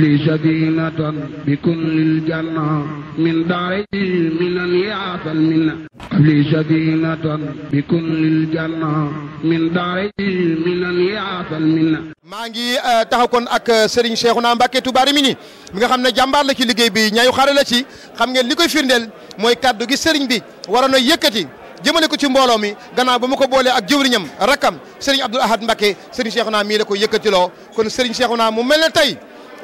لي سكينة بكل الجنة من داري من يعطى المنة لي سكينة بكل الجنة من داري من يعطى المنة maa ngi eh, taxaw kon ak eh, Serigne naa Mbacké Touba Rimini mi nga xam ne jàmbaar la ki liggéey bi ñaayu xare la ci xam ngeen li koy firndeel mooy kaddu gi Serigne bi waroon a yëkkati jëmale ko ci mbooloo mi gannaaw ba ma ko boolee ak jëwriñam rakkam Serigne Abdoul Ahad Mbacké Serigne Cheikhouna mii la ko yëkkatiloo kon Serigne Cheikhouna mu mel ne tey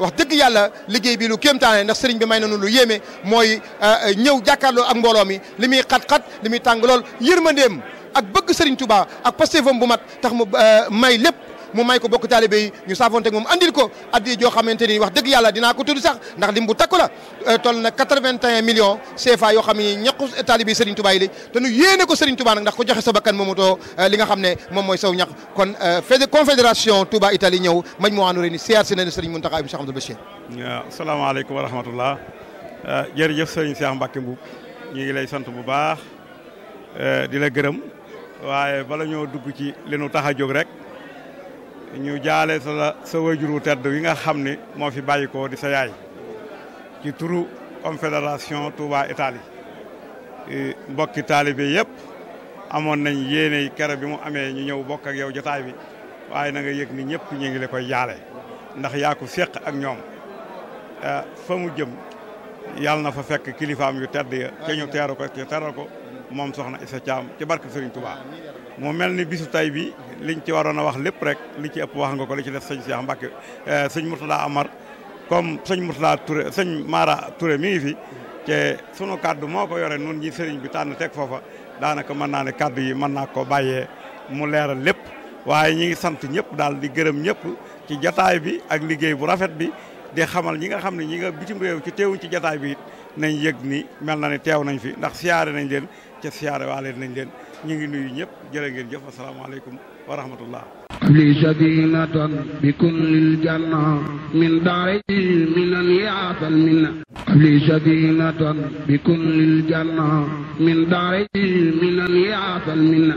wax dëgg yàlla liggéey bi lu kéemtaane ndax sëriñ bi may nañu lu yéeme mooy euh, ñëw jàkkaarloo ak mbooloo mi li muy xat-xat li muy tàng lool yërmandeem ak bëgg sëriñ Touba ak pastéefam bu mat tax mu euh, may lépp mu may ko bokk taalibe yi ñu saafoonte moom andil ko addi joo xamante ni wax dëgg yàlla dinaa ko tudd sax ndax lim bu takku la euh, toll na 81 millions CFA yoo xam ne ñaqu taalibe yi Serigne Touba yi lañ te nu yéene ko Serigne Touba nag ndax ko joxe sa bakkan moomutoo euh, li nga xam ne moom mooy saw ñax kon euh, fédé confédération Touba Italie ñëw mañ moo àndu rek ni siyaar si nañ Serigne Mountakha Cheikh Amadou Bachir salaamaaleykum wa rahmatullah jërëjëf Serigne Cheikh Mbacke Mboup ñu ngi lay sant bu baax di la gërëm waaye bala ñoo dugg ci li nu tax a jóg rek ñu jaale sa la sa wajuru tedd wi nga xam ni moo fi bàyyikoo di sa yaay ci turu confédération Touba Italie mbokki taalibe yëpp amoon nañ yéene kere bi mu amee ñu ñëw bokk ak yow jotaay bi waaye nanga nga ni ñëpp ñu ngi la koy jaale ndax yaaku ko séq ak ñoom eh, fa mu jëm yàlla na fa fekk kilifaam yu tedd ya ca ñu teeru ko ca teral ko moom soxna Issa Thiam ci barke Serigne Touba mu mel ni bisu tay bi liñ ci waroon a wax lépp rek li ci ëpp wax nga ko li ci def sëñ Cheikh Mbacke eh, sëñ Mourtada Amar comme sëñ Mourtada Touré sëñ Mara Touré mi ngi fi te sunu kàddu moo ko yore nun ñi sëriñ bi tànn teg foofa daanaka mën naa ne kaddu yi mën naa ko bàyyee mu leeral lépp waaye ñi ngi sant ñëpp daal di gërëm ñëpp ci jataay bi ak liggéey bu rafet bi di xamal ñi nga xam ne ñi nga bitim réew ci teewuñ ci jataay bi it nañ yëg ni mel na ne teew nañ fi ndax siyaare nañ leen ca siyaare waale nañ leen ñu ngi nuyu ñëpp jërë ngeen jëf asalaamaaleykum wa rahmatullah li sadinatan bi kullil janna min daari minan yaatal minna li sadinatan bi kullil janna min daari minan yaatal minna